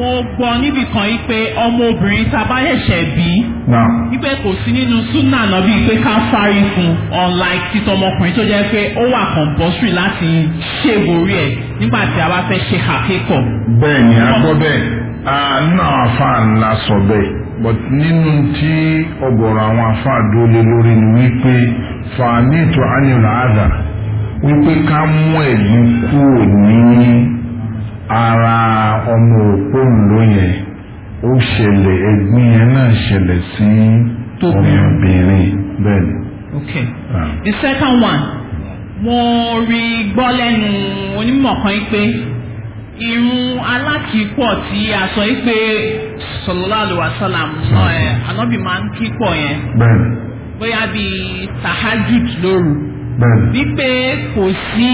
mo gbọ́ níbì kan yìí pé ọmọ obìnrin ta bá ṣẹ̀ṣẹ̀ bí. kò sí nínú súnà náà bíi pé ká fárí fún unlike títọ́ ọmọkùnrin tó jẹ́ pé ó wà compulsory láti ṣèwò orí ẹ̀ nígbà tí a bá fẹ́ ṣe àkékọ̀. bẹ́ẹ̀ni a gbọ́ bẹ́ẹ̀ nínú àwọn afáà ńlá sọ bẹ́ẹ̀ but nínú tí ọ̀gọ̀rọ̀ àwọn afáà dúró lórí ni wípé fàánì àdà wípé ká mú kúrò ara ọmọ òpóǹdó yẹn ó ṣẹlẹ̀ ẹ̀gbin yẹn náà ṣẹlẹ̀ sí ọmọbìnrin Ok, the second one wọ́n rí gbọ́ lẹ́nu onímọ̀ kan pé irun alákìípọ̀ tí a sọ pé sallallahu alaihi náà ẹ̀ anábì máa ń kípọ̀ yẹn bóyá bíi tahajud wípé kò sí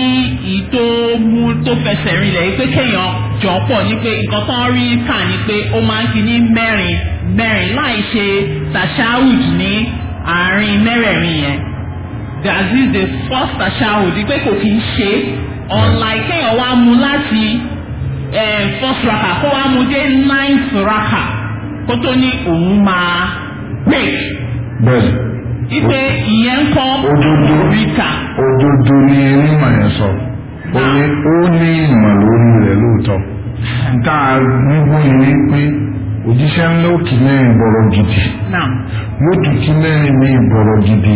ìtò mú tó fẹsẹ̀ rinlẹ̀ pé kéèyàn jọ pọ̀ ní pé nǹkan tán rí kà ní pé ó máa ń fi ní mẹ́rin mẹ́rin láì ṣe tashahud ní àárín mẹ́rẹ̀ẹ̀rin yẹn that the first tashahud pé kò kì í ṣe unlike kéèyàn wá mú láti eh, first raka kó wá mú dé ninth raka kó tó ní òun máa break. ife ìyẹn ń kọ́ Ododo òdodo ni onímọ̀ yẹn sọ onye ah. ní ìmọ̀ lórí rẹ̀ lóòótọ́ nta nígbó ni wípé òjíṣẹ́ ńlá ki mẹ́rin bọ̀rọ̀ gidi lótú ki mẹ́rin ní gidi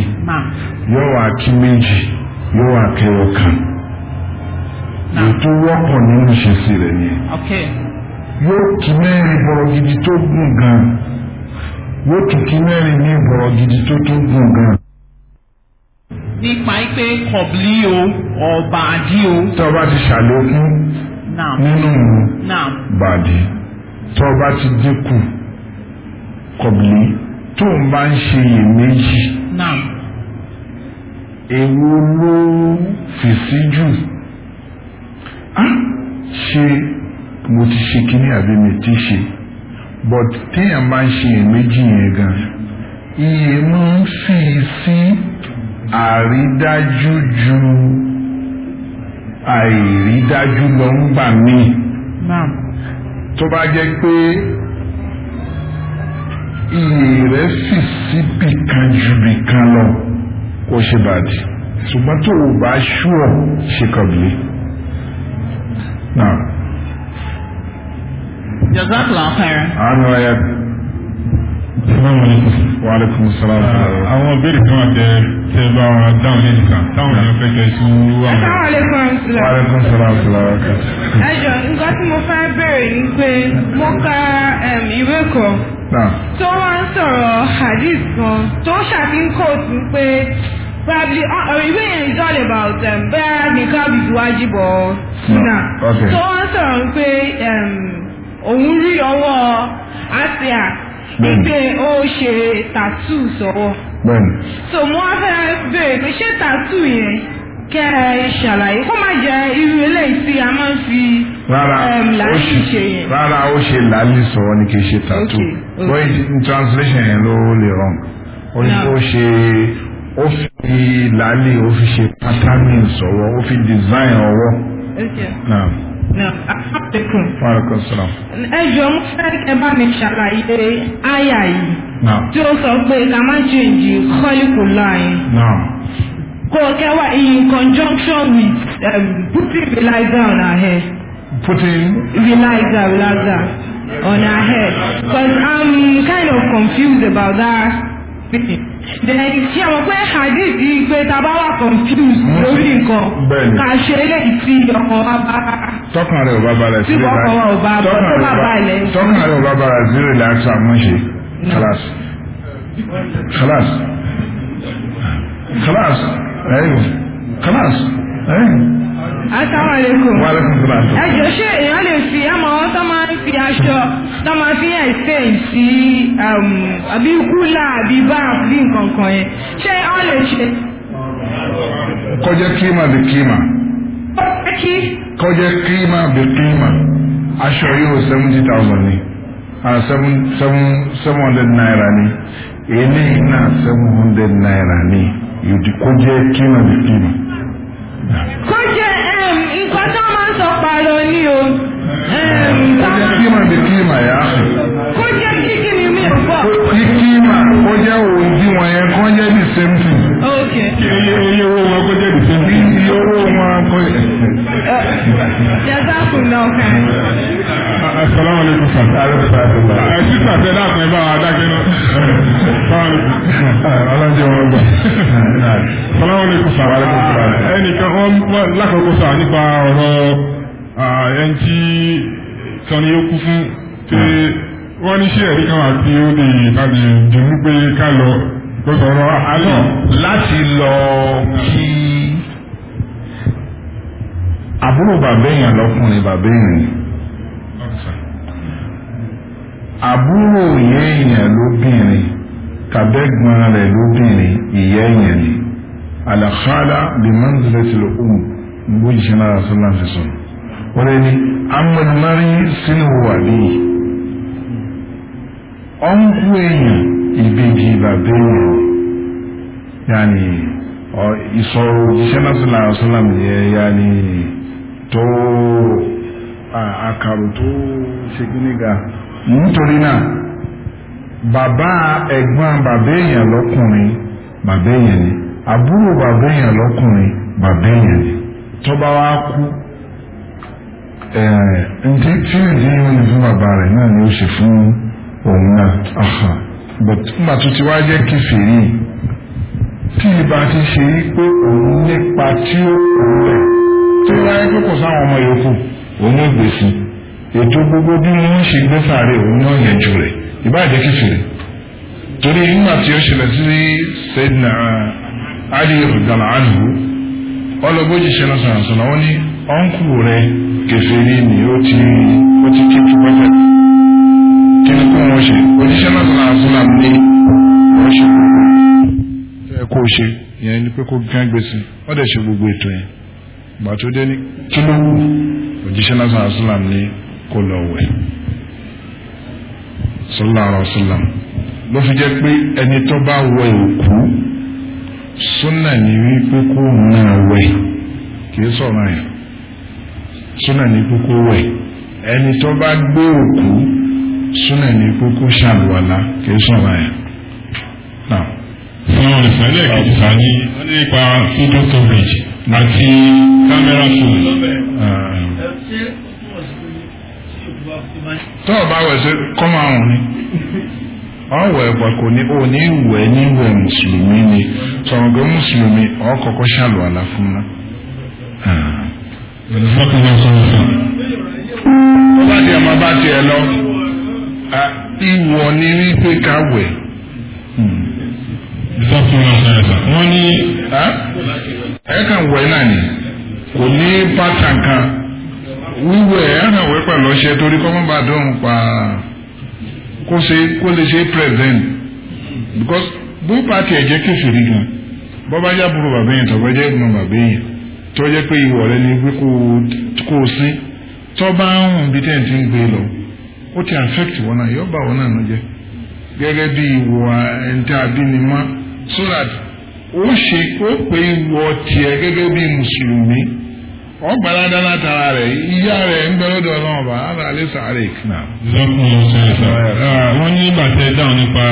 yọwa wá meji méjì yóò wá kẹyọ kan ètò wọ́pọ̀ nínú ìṣesí rẹ̀ nìyẹn yóò gidi gan yóò kìkì mẹ́rin ní ìbọ̀rọ̀ gidi tó tó gùn gan. nípa pé kọ̀bílì o ọ̀bà àdí o. tó o bá ti ṣàlékún nínú bàdí tó o bá ti dínkù kọ̀bílì tó o bá ń ṣe iyèméjì èwo ló fèsì jù ah! ṣé mo ti ṣe kíní àbí mi ti ṣe but téèyàn bá ń ṣe èméjì yẹn gan iye máa ń fi sí àrídájú ju àìrídájú lọ ń gbà míì tó bá jẹ́ pé iye rẹ̀ sì síbì kan ju bì kan lọ kó ṣe bàdì ṣùgbọ́n tó o bá ṣú ọ̀ ṣe kọ̀bìlì náà. Jazakallah khairan. àánú ayé wàhálàkùn sàlámù. àwọn ìbéèrè kan àtẹ tẹ bá wa dáhùn lẹ́yìn kan táwọn èèyàn fẹ́ kẹ́ sí wú àwọn. wàhálàkùn sàlámù sàlámù kan. ẹ jọ nǹkan tí mo fẹ́ bẹ̀rẹ̀ ni pé mo ka ìwé kan tó wá ń sọ̀rọ̀ hadith kan tó ṣàfihàn kóòtù pé probably or even it's all about um, bẹ́ẹ̀ nìkan bìbí wájú bọ̀ ọ́ sùnà tó wá ń sọ̀rọ̀ pé òun rí ọwọ́ asia pé ó ṣe tàtú sọ̀wọ́. so mo wá fẹ́ bèrè pé ṣé tàtú yẹn kẹ́ ẹ ṣàlàyé kó má jẹ́ irú eléyìí tí a máa ń fi làálì ṣe yẹn. rárá ó ṣe làálì sọ̀rọ̀ ni kì í ṣe tàtú wọ́n in translation yẹn ló lè rán o ní kó ṣe ó fi làálì ó fi ṣe pátánì sọ̀rọ̀ ó fi design ọwọ́. Okay. No ẹ jọ mo fẹ́ kẹ́ bá mi ṣàlàyé àyà yìí tí ó sọ pé ká má ṣe ìjì kọ́líkù láàyè kò kẹwà in conjunction with um, putting relizer on her hair. putting relizer relizer on her head. because I'm kind of confused about that dẹ̀lẹ́dì tí àwọn pé hadith yìí pé ta bá wà confused lórí nǹkan kà ṣe eléyìí tí ọkọ̀ wa bá tọkàn rẹ̀ ò bá balẹ̀ sí rẹ̀ tọkàn rẹ̀ ò bá balẹ̀ sí rẹ̀ láti àmúṣe khalas khalas khalas ẹ̀yìn khalas ẹ̀yìn asalaamualeykum. waaleykum salaam. ẹ jọ ṣé èèyàn lè fi àmọ́ ọ́ tó máa ń fi aṣọ tán máa fi exchange sí um, àbí kúlà àbí báàf bí nǹkan kan yẹn ṣé ọ lè ṣe. kọjá kíma bí kíma. kọjá kíma bí kíma aṣọ yóò seventy thousand ni ah, seven seven seven hundred naira ni eléyìí náà seven hundred naira ni kọjá kíma bí kíma. ọlọ́jọ́ wọn gbà. sọláwọ́n ní kùsà ẹnìkan wọn lákòókò sà nípa ọ̀rọ̀ ẹni tí sọni ó kú fún pé wọ́n ní ṣé ẹ̀rí kan wà tí ó lè bá lè dìbò pé ká lọ gbọ́dọ̀ ọ̀rọ̀ àná láti lọ kí àbúrò bàbá èèyàn lọkùnrin bàbá èèyàn àbúrò yẹn èèyàn lóbìnrin. tàbẹ́gbọ́n rẹ̀ lóbìnrin ìyá èèyàn ni àlàkálà bí manzilati l'um bó jìṣẹ́ náà sọ́nà ti sọ wọ́n rẹ̀ ni amọ̀lẹ́mọ́rí sínú wà ní ọ̀nkú èèyàn ìbejì bàbá èèyàn yáni ìsọ̀rọ̀ òjíṣẹ́ náà sọ́nà sọ́nà yẹn yáni bàbá ẹ̀gbọ́n bàbá èèyàn lọ́kùnrin bàbá èèyàn ni àbúrò bàbá èèyàn lọ́kùnrin bàbá èèyàn ni tó bá kú eh, ǹjẹ́ tí ìdí yóò ní fún bàbá rẹ̀ náà ni ó ṣe fún òun náà nígbà tó ti wá jẹ́ kìfìrí tí ìbá ti ṣe yí pé òun nípa tí ó kùn rẹ̀ tó wáyé pé kò sáwọn ọmọ yòókù òun ó gbèsè ètò gbogbo bí wọ́n ṣe gbé sáré òun náà yẹn jù rẹ̀. ìbá jẹ́ kèfèrí torí nígbà tí ó ṣẹlẹ̀ sí Sayyidina Ali radiyallahu ọlọ́gbọ́jì ṣẹlẹ̀ sọ̀rọ̀ sọ̀rọ̀ ní ọ̀nkù rẹ̀ ni ó ti ó kí pẹ́pẹ́ kí ni kó wọ́n ṣe òjíṣẹ́ náà sọ̀rọ̀ sọ̀rọ̀ ní wọ́n ṣe gbogbo ẹ̀ ṣe ìyẹn ni pé kó gán gbèsè wọ́n dẹ̀ ṣe gbogbo sallallahu alaihi wasallam ló fi jẹ́ pé ẹni tó bá wẹ òkú súnà ní wípé kó náà wẹ̀ kì í sọ̀rọ̀ yẹn súnà ní kókó wẹ̀ ẹni tó bá gbé òkú súnà ní kókó ṣàlùwàlá kì í sọ̀rọ̀ yẹn. Fún ọ̀sẹ̀ lẹ́ẹ̀kejì sáà ní wọ́n nípa fídíò coverage àti kámẹ́rà fóònù. tó o bá wẹ̀ sí kọ́ máa wù ni ọwọ ẹgbà kò ní ó ní mùsùlùmí ni tọ̀gbẹ́ mùsùlùmí ọkọ̀kọ́ ṣàlù àlà fún ná. ó bá tiẹ̀ máa bá tiẹ̀ lọ ìwọ̀ ni wípé ká wẹ̀. wọ́n ní ẹ̀ wẹ̀ náà ni kò ní bàtà kan. wíwẹ̀ ẹ̀rànwẹ́ pẹ̀lú ọṣẹ torí kọ́mọ́bà dùn pa kó ṣe present because bó pàtì ẹ̀jẹ̀ kẹsìrì gan bọ́bá yá burú bàbá yẹn tọ́gbà jẹ́ ìgbọ̀n bàbá yẹn tó jẹ́ pé ìwọ̀ affect wọn náà yóò bá wọn náà jẹ gẹ́gẹ́ bí ìwọ̀ ẹ̀ǹtẹ́ so that ó ṣe ó ìwọ̀ tiẹ̀ gẹ́gẹ́ wọ́n gbàlá dáná tara rẹ̀ ìyá rẹ̀ ń gbẹ́rọ́ dọ̀ náà bá ara alẹ́ sàárè kìnnà. lọ́kùnrin ṣẹlẹ̀ sàárè wọ́n ní bàtẹ́ dáhùn nípa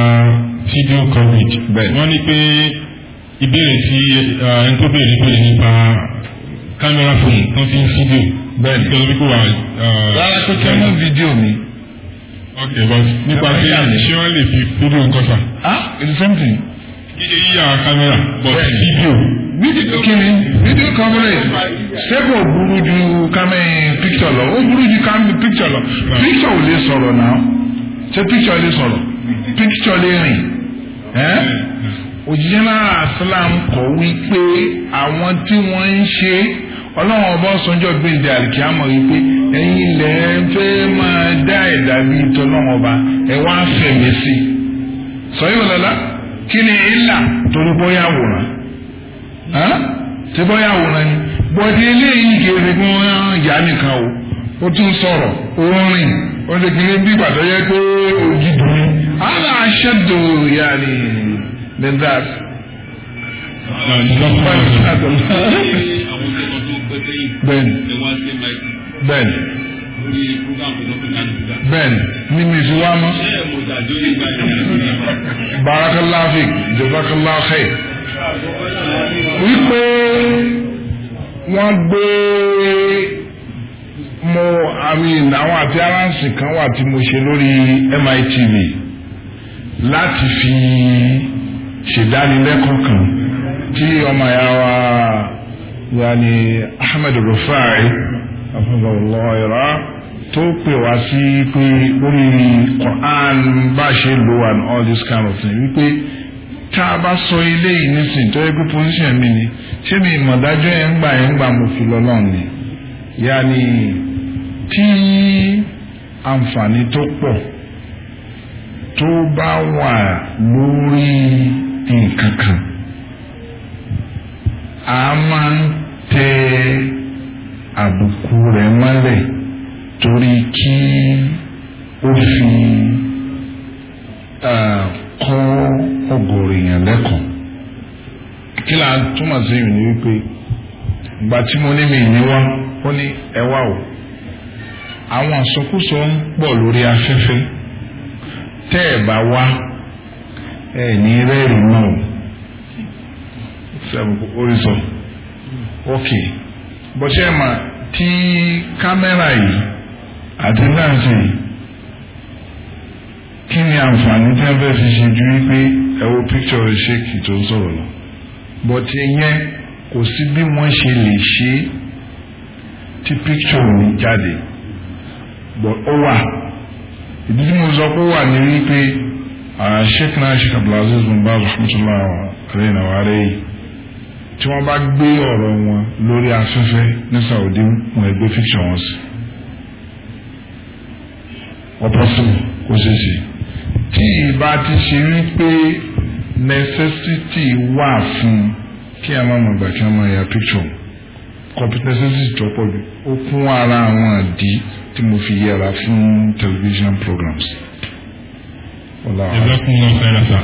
fídíò coverage. bẹ́ẹ̀ wọ́n ní pé ìbéèrè tí ah, ẹni tó béèrè béèrè nípa kámẹ́rà fóònù tó fi ń fídíò. bẹ́ẹ̀ ni kí ọlọ́bí kò wá. Ah, rárá tó kẹ́ mú fídíò mi. ok but nípa pé ṣé wọ́n lè fi fídíò nǹkan fà. ah it's the same thing. yíyà kámẹ́rà but fídíò kíni video coverage sẹ́kọ̀ burú ju kámẹ́yìn picture lọ ó burú ju kámẹ́yìn picture lọ picture ò lè sọ̀rọ̀ náà ṣé picture lè sọ̀rọ̀ picture lè rìn òjijì náà Islam kọ̀ wípé àwọn tí wọ́n ń ṣe ọlọ́run ọba sọ́njọ́ gbèǹde àlìkíámọ̀ wípé ẹ̀yin ilẹ̀ ń fẹ́ máa dá ẹ̀dá bíi tọ́lọ́run ọba ẹ̀ wá fẹ̀mí sí i sọ yóò lọ́la kí ni ìlà torí bóyá wòrán ṣe bọ́ yà wòran ni bọ́dé eléyìí kéré kí wọ́n yà nìkan o ó tún sọ̀rọ̀ ó rìn ó lè kéré bí gbàdọ́ yẹ pé òjì dùn ní. ala aṣẹ́dò yàrá ní that. bẹ́ẹ̀ni bẹ́ẹ̀ni bẹ́ẹ̀ni ní mi fi wá mọ́. barakallahu fik jazakallahu khair. Wipe wọ́n gbé mo àmì àwọn àti aránsì kan wà tí mo ṣe lórí MITV láti fi ṣèdánilẹ́kọ̀ọ́ kan tí ọmọ ìyá wa yaani Ahmed Rufai afọlọlọyọrọ tó pè wá sí pé lórí Quran bá ṣe lo and all this kind of thing wípé. tá a sọ ilé yìí nísìnyí tó yẹ pé pọ́ńsìn mi ni ṣé mi ìmọ̀dájọ́ yẹn ń gbà yẹn ń ni yàní tí àǹfààní tó pọ̀ tó bá wà lórí a máa ń tẹ àbùkù rẹ̀ mọ́lẹ̀ torí kí ó fi. Uh, kọ́ ọgọ́rò èèyàn lẹ́kọ̀ọ́ kí là túmọ̀ sí ìrìn wípé ìgbà tí mo ní mi ìní wá ó ní ẹ wá o àwọn àsọkúsọ ń pọ̀ lórí afẹ́fẹ́ tẹ́ náà ok bọ́sẹ̀ mà tí kámẹ́rà yìí àti náà sì kí ni àǹfààní tí wọ́n fẹ́ fi ṣe ju wípé ẹ wo picture rẹ̀ ṣe kì tó ń sọ̀rọ̀ lọ but ìyẹn kò sí bí wọ́n ṣe lè ṣe tí picture ò ní jáde but ó wà ìdí tí mo sọ pé ó wà ní wípé sheikh náà sheikh abdulaziz bin baz rahmatulah alayhi na wàhálà yìí tí wọ́n bá gbé ọ̀rọ̀ wọn lórí afẹ́fẹ́ ní saudi wọn ẹ gbé picture wọn sí ọ̀pọ̀ sí kó ṣeé ṣe tí ìbá ti ṣe wípé necessity wà fún kí a máa mọ̀ gbà kí a máa ya picture competency tó pọ̀ jù ó kún ara àwọn àdí tí mo fi yẹra fún television programs. ẹ̀dá kún lọ fẹ́ràn sá.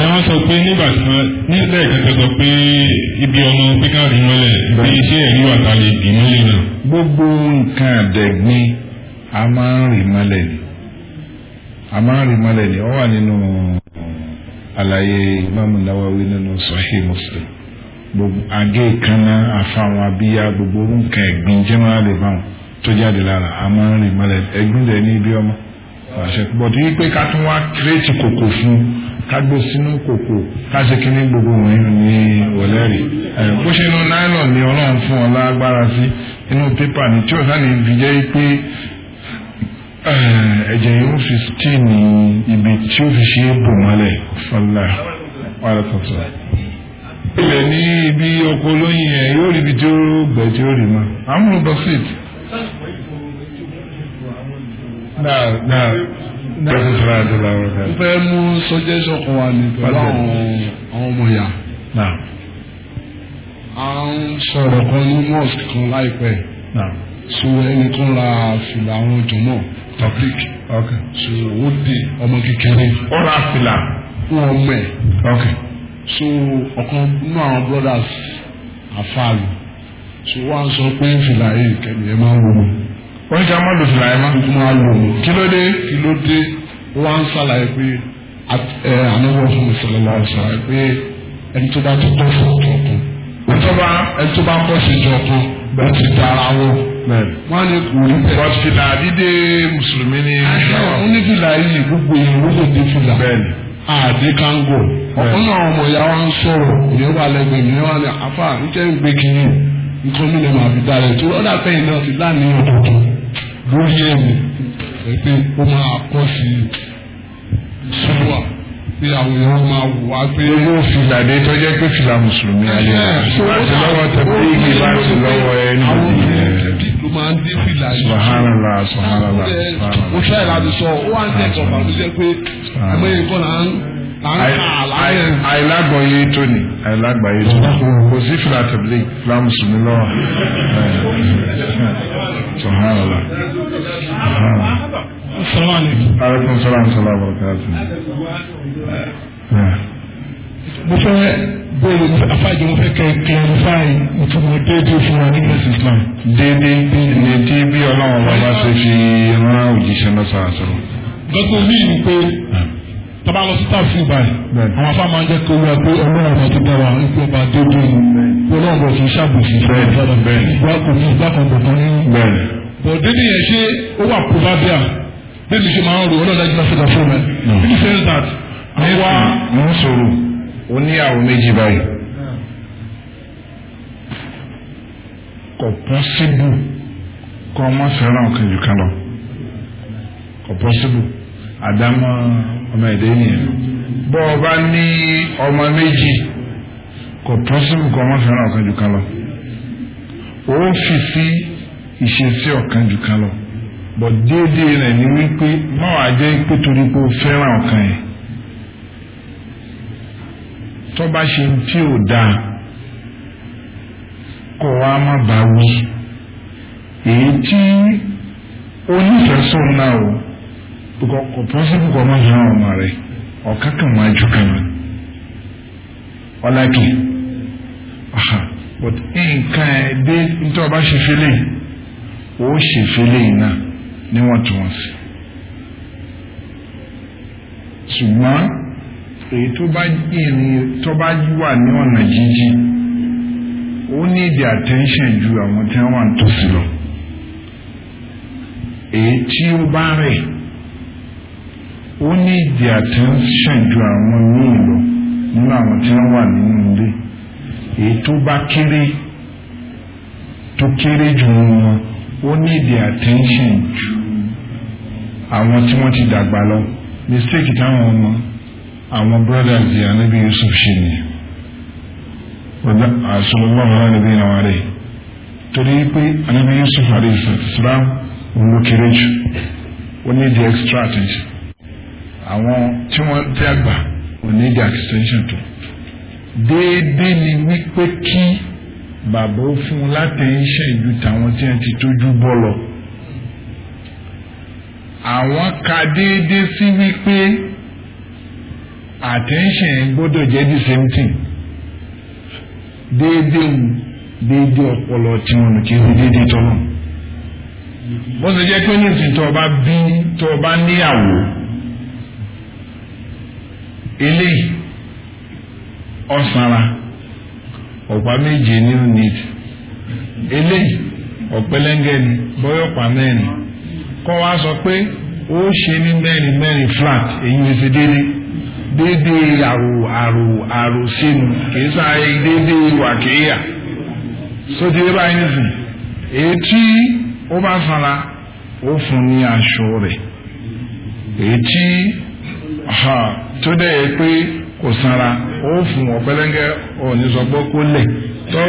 ẹ wọ́n sọ pé nígbà tí wọ́n nílẹ̀ kẹta sọ pé ibi ọmọ píkàrí mọ́lẹ̀ pé iṣẹ́ ẹ̀rí wà tá lè dì mọ́lẹ̀ náà. gbogbo nǹkan àdẹ̀gbin a máa ń rì mọ́lẹ̀ ni àmárì mọ́lẹ̀ ni ó wà nínú àlàyé Imamu Nawawi nínú Sahih Muslim gbogbo àgé ìkànnà àfàwọn abíyá gbogbo orúnkà ẹ̀gbìn jẹ́mọ́lẹ̀ báwọn tó jáde lára àmárì mọ́lẹ̀ ẹ̀gbìn rẹ̀ ní ibi ọmọ àṣẹ bọ̀dù yìí pé ká tún wá kírètì kòkò fún ká gbé sínú kòkò ká ṣe kí ní gbogbo wọ̀nyí ní wọ̀lẹ́rì bó ṣe inú nylon ni ọlọ́run fún ọ lágbára sí inú pépà ni tí ọ̀sán ni fi jẹ́ pé Eh, ẹ̀jẹ̀ yóò fi stíì ní ibi tí ó fi ṣe é bò mọ́lẹ̀ fọlá wàlátọ̀tọ̀ ilẹ̀ ní ibi ọkọ̀ olóyin ẹ̀ yóò rí ibi tí ó gbẹ̀ tí ó rí mọ́ àmúlò bọ́sìt náà náà n fẹ́ mú suggestion kan wá ní pẹ̀lú àwọn ọmọ ìyá. a ń sọ̀rọ̀ kan ní mosque kan láìpẹ́. so ẹnìkan ra fìlà àwọn jọmọ́ public okay so ó di ọmọ kékeré ọ̀rọ̀ àfìlà fún ọmọ ẹ̀ okay so ọ̀kan nínú àwọn brothers àfàlù so wọ́n á sọ pé fìlà yìí kẹ́mi ẹ̀ máa ń wò wọ́n ti máa lò fìlà yẹn máa ń máa lò wò kí ló dé kí ló dé wọ́n á ń ṣàlàyé pé ẹ ànáwó ọ̀hún ìṣẹ̀lẹ̀ ọ̀sán pé ẹni tó bá tó tọ́ fún ọ̀tọ̀ kan ẹni tó bá kọ́ sí ìjọ kan ó ti dára wọn wọ́n lè kù rí bẹ́ẹ̀. but fìlà dídé mùsùlùmí ni. wọ́n ní fìlà yìí gbogbo èèyàn ló lè dé fìlà. bẹ́ẹ̀ni. àdé kángò. ọ̀pọ̀ náà ọmọ ìyá wa ń sọ̀rọ̀ ìyẹn wà lẹ́gbẹ̀ẹ́ mi wà ní afá níjẹ́ ń gbé kiri nǹkan mi lè máa fi dára ètò ọ̀dà pẹ́yìn náà ti láàánú ọ̀dọ̀dọ̀ lórí ẹ̀mí pé ó máa kọ́ sí sùúrà bí àwọn èèyàn máa wò wá pé. owó fìlà dé tó jẹ́ pé fìlà mùsùlùmí ayé láti lọ́wọ́ tẹ̀lé ìgbé láti lọ́wọ́ ẹni ló máa ń dé fìlà yìí. sùhánàlá sùhánàlá sùhánàlá. mo ṣáà láti sọ ó wà ní ẹ̀sọ́ bàbújẹ́ pé àmọ́ èyí kọ́ là ń àìlágbọ̀yé tó ni àìlágbọ̀yé tó kò sí fìlà tẹ̀lé fìlà mùsùlùmí lọ́wọ́ sùhánàlá. salaamaleykum. aleykum salaam wa rahmatulahi. mo fẹ́ bẹ́ẹ̀ ni afáàjọ wọn fẹ́ kẹ́ clarify ìtumọ̀ déédéé fún wa nínú ẹ̀sìn Islam. déédéé ni tí bí ọlọ́run bàbá ṣe fi rán òjíṣẹ́ náà sọ̀rọ̀ sọ̀rọ̀. dọ́kítà mi ni pé tọ́ba lọ sí táàfù báyìí àwọn afá máa ń jẹ́ kórìíra pé ọlọ́run ọba tó dára ipò ọba déédéé ni ọlọ́run bọ̀ fún ṣàbùsùn fún ọ̀dọ́ ìgbà kò ní ìgbà kan bọ̀ kan ní. bọ̀dé ni yẹn ṣe ó wà proverbial bí mi ṣe máa ń ro ọlọ́run dájú náà ṣe kà fún mi ó ní àwọn méjì báyìí kò pọ́n síbù kọ́ ọmọ fẹ́ràn kejì kan lọ kò pọ́n síbù àdámọ́ ọmọ ẹ̀dẹ́ nìyẹn bọ́ ọ bá ní ọmọ méjì kò pọ́n síbù kọ́ ọmọ fẹ́ràn kejì kan lọ ó fi sí ìṣesí ọ̀kan jù kan lọ bọ̀ déédéé rẹ̀ ni wípé máa jẹ́ pé torí pé ó fẹ́ràn ọ̀kan yẹn tọba bá ṣe ń kọwa ò dáa kó wa má wí èyí tí náà o kò kò pọ́sibú kò má ọmọ rẹ ọ̀ká kan but nǹkan ẹ̀ dé nítorí ọba ṣe ó ṣe náà níwọ̀ntúnwọ̀nsì èyí tó bá ìrìn tó bá wà ní ọ̀nà jíjì ó ní ìdí attention ju àwọn tí wọ́n wà nítòsí lọ èyí tí ó bá rẹ̀ ó ní ìdí attention ju àwọn míì lọ nínú àwọn tí wọ́n wà nínú ilé èyí tó bá kéré tó kéré jù wọn ó ní ìdí attention ju àwọn tí wọ́n ti dàgbà lọ mistake táwọn ọmọ àwọn brothers yìí anabi yusuf ṣe ni àṣọlọ́wọ́ àwọn anabi náà wà rẹ̀ torí pé anabi yusuf àdìsílám ń lo kéré jù ó ní extra attention àwọn tí wọ́n ti àgbà ò ní di extension tó déédéé ni wípé kí bàbá ó fún un látẹ̀yìnṣẹ́ ìlú tàwọn tí wọ́n ti tójú bọ́ lọ àwọn ka déédéé sí wípé. attention gbọdọ jẹ́ the same thing déédéé mu ọpọlọ tí wọn nù kí ó bó ṣe jẹ́ pé ní tó o bá bí tó o bá níyàwó eléyìí ọ̀pá méje ní unit ni bọ́yọ̀ ọ̀pá mẹ́rin kọ́ wa sọ pé ó ṣe ní mẹ́rin mẹ́rin flat èyí ti ṣe déédéé. déédéé àrò àrò àrò sínú kìí sáré déédéé wàkéyà sóde báyìí nìsín èyí tí ó bá fara ó fún ní aṣọ rẹ èyí tí tó dẹ̀ yẹ pé kò sanra ó fún ọ̀pẹ́lẹ́ngẹ́ òní sọ pé kó lẹ̀ tó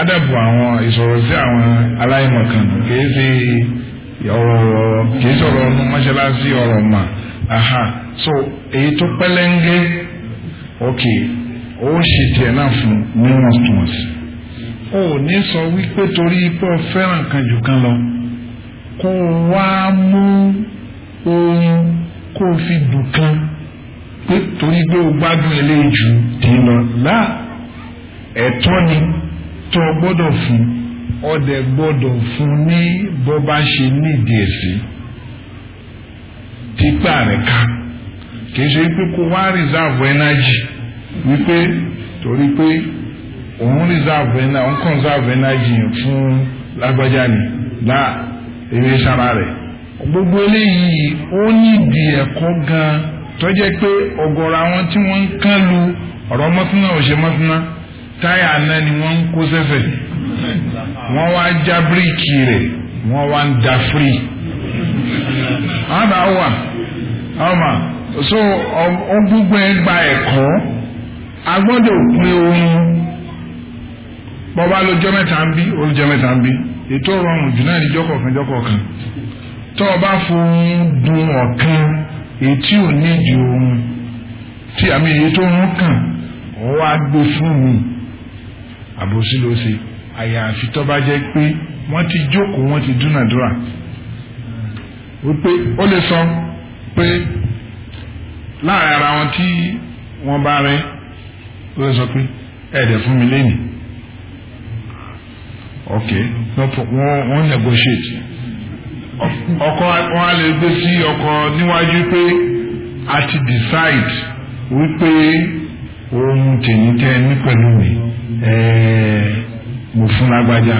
adabu àwọn ìsọ̀rọ̀ sí àwọn aláìmọ̀kan kìí ṣe. ọ̀rọ̀ kìí sọ̀rọ̀ ọmọ mọ́ṣáláṣí ọ̀rọ̀ mà aha so èyí tó pẹ́lẹ́ńgẹ́ ok ó ṣe tiẹ̀ náà fún níwọ̀ntúnwọ̀nsì ó ní sọ wípé torí pé ó fẹ́ràn kan jù kan lọ kó wá mú ohun kó fi dùn pé torí pé o gbádùn eléyìí jù tèè lọ láà ẹ̀tọ́ ni tó o gbọ́dọ̀ fún un ọdẹ gbọ́dọ̀ fún ní bó bá ṣe nídìí èsì tipa rẹ̀ ká kìí ṣe pé kó wá reserve energy wípé torí pé òun reserve energy òun conserve energy fún lágbájá ni láà eré sára rẹ̀ gbogbo eléyìí ó nídìí ẹ̀kọ́ gan tó jẹ́ pé ọ̀gọ̀rọ̀ àwọn tí wọ́n ń kán lu ọ̀rọ̀ mọ́túnná ò ṣe táyà náà ni wọ́n ń kó sẹ́fẹ̀ẹ́ wọ́n wá já bíríkì rẹ̀ wọ́n wá ń da firi ọ̀nà wà ọmọ so ó gbogbo ẹ gba ẹ̀kọ́ agbọ́dọ̀ pin oorun bọ́ba lójọ́ mẹ́ta ń bí olùjọ́ mẹ́ta ń bí ètò ọ̀rọ̀rùn jù náà ní jọ́kọ̀ọ̀kan jọ́kọ̀ọ̀kan tó o bá fohun dun ọ̀kan ètí ò ní ju ohun tí àmì èyí tó ń kàn ó fún mi àbòsí ló ṣe àyàfi tó bá jẹ́ pé wọ́n ti jókòó wọ́n ti dúnàdúrà wípé ó lè sọ pé láàrin ara wọn tí wọ́n bá rẹ́ ó lè sọ pé ẹ̀ẹ́dẹ̀ fún mi lẹ́nìí ok wọ́n negotiate ọkọ wọn á lè gbé sí ọkọ níwájú pé a ti decide wípé ohun tèmi tẹ ní pẹ̀lú mi ẹ̀ẹ́ mo fún lágbájá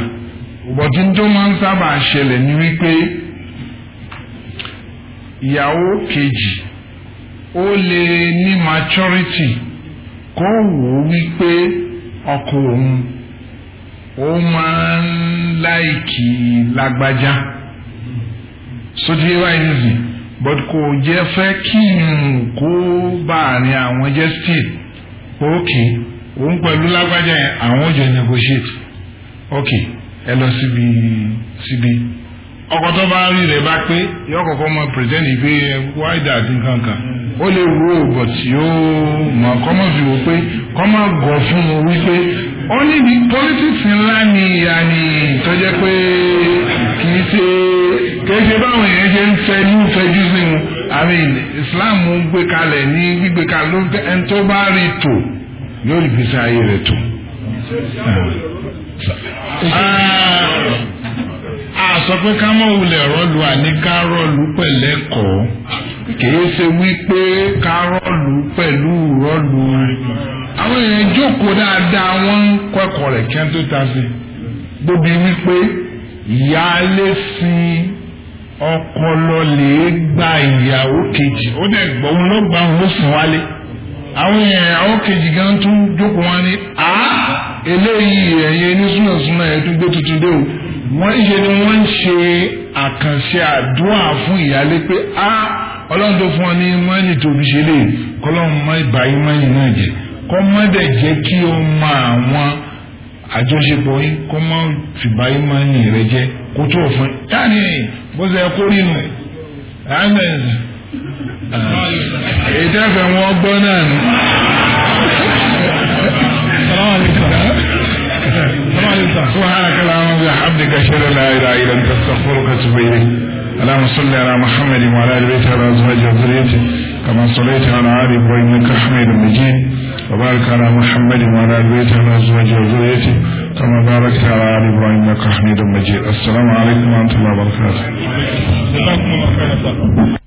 bọ̀tí tó máa ń sábà ṣẹlẹ̀ ni wípé ìyàwó kejì ó lè ní maturity kó wò ó wípé ọkọ òun ó máa ń láìkì lágbájá sotí báyìí nìyí but kò jẹ́ fẹ́ kí n kó bá àárín àwọn jẹ́ still ok òun pẹ̀lú lágbájá yẹn àwọn ò jẹ́ negotiate ok ẹ lọ síbi síbi ọkọ tó bá rí rẹ bá pé yọ kọ́kọ́ mọ pẹ̀sẹ́ntì pé wáìdà àti nǹkan ó lè wo ògbọ̀ tí ó mọ̀ kọ́mọ̀ fi wò pé kọ́mọ̀ gọ̀ fún un wípé ó ní bí politics ńlá ni ìyàní tó jẹ́ pé kì í ṣe kì í ṣe báwọn èèyàn ṣe ń fẹ́ ní ìfẹ́jú sí wọn àmì Islam ń gbé kalẹ̀ ní gbígbé kalẹ̀ ló ń tẹ́ ẹni tó bá rí tò yóò rí gbèsè ayé rẹ̀ tò. Ah. Ah. a sọ pé ká mọ̀ wulẹ̀ rọ́ọ̀lù àní ká rọ́ọ̀lù pẹ̀lẹ́kọ̀ọ́ kìí ṣe wípé ká rọ́ọ̀lù pẹ̀lú rọ́ọ̀lù àwọn èèyàn jókòó dáadáa wọ́n ń kọ́kọ́ rẹ̀ kí wọ́n tó ta sí gbóbi wípé ìyáálé sí ọpọlọ lè gba ìyàwó kejì ó dẹ̀ gbọ́ òun ló gba òun ló wálé àwọn èèyàn ìyàwó kejì gan tún jókòó wọn ni àá eléyìí ẹ̀yin ní súnàsúnà ẹ̀dún gbé tuntun dé o wọ́n ń ṣe ni wọ́n ń ṣe àkànṣe àdúrà fún ìyálé pé a ọlọ́run tó fún ọ ní mọ́ni tóbi ṣe lè kọ́lọ́run mọ́ ìbá yín mọ́ni náà jẹ kọ́ mọ́ dẹ̀ jẹ́ kí o mọ àwọn àjọṣepọ̀ yín kọ́ mọ́ fìbá yín mọ́ni rẹ jẹ kó tó fún yáni bó ṣe kó nínú ẹ̀ ẹ̀ ẹ̀ tẹ́fẹ̀ wọn gbọ́ náà nù. سبحانك اللهم وبحمدك اشهد ان لا اله الا انت استغفرك واتوب اليك اللهم صل على محمد وعلى ال بيته وعلى ازواجه وذريته كما صليت على ال ابراهيم انك حميد مجيد وبارك على محمد وعلى ال بيته وعلى ازواجه وذريته كما باركت على ال ابراهيم انك حميد مجيد السلام عليكم ورحمه الله وبركاته